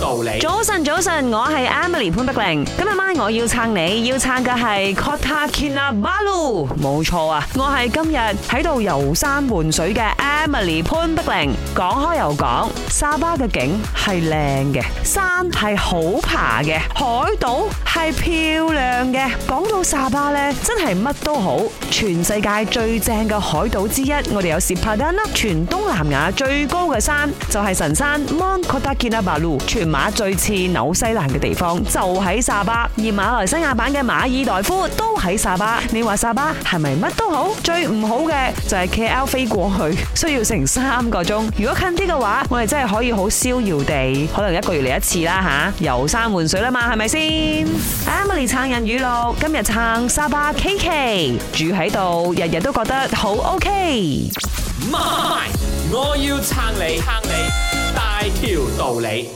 道理，早晨早晨，我係 Emily 潘碧玲，今日晚我要撐你，要撐嘅係 Kota Kinabalu，冇錯啊！我係今日喺度遊山玩水嘅 Emily 潘碧玲。講開又講，沙巴嘅景係靚嘅，山係好爬嘅，海島係漂亮嘅。講到沙巴咧，真係乜都好，全世界最正嘅海島之一，我哋有 Sipadan 啦，全東南亞最高嘅山就係、是、神山 Mount Kota Kinabalu，全。Mon 馬最似紐西蘭嘅地方就喺沙巴，而馬來西亞版嘅馬爾代夫都喺沙巴。你話沙巴係咪乜都好？最唔好嘅就係 K L 飛過去，需要成三個鐘。如果近啲嘅話，我哋真係可以好逍遙地，可能一個月嚟一次啦吓，遊山玩水啦嘛，係咪先？Emily 撐人語錄，今日撐沙巴 K K 住喺度，日日都覺得好 O K。媽咪，我要撐你，撐你大條道理。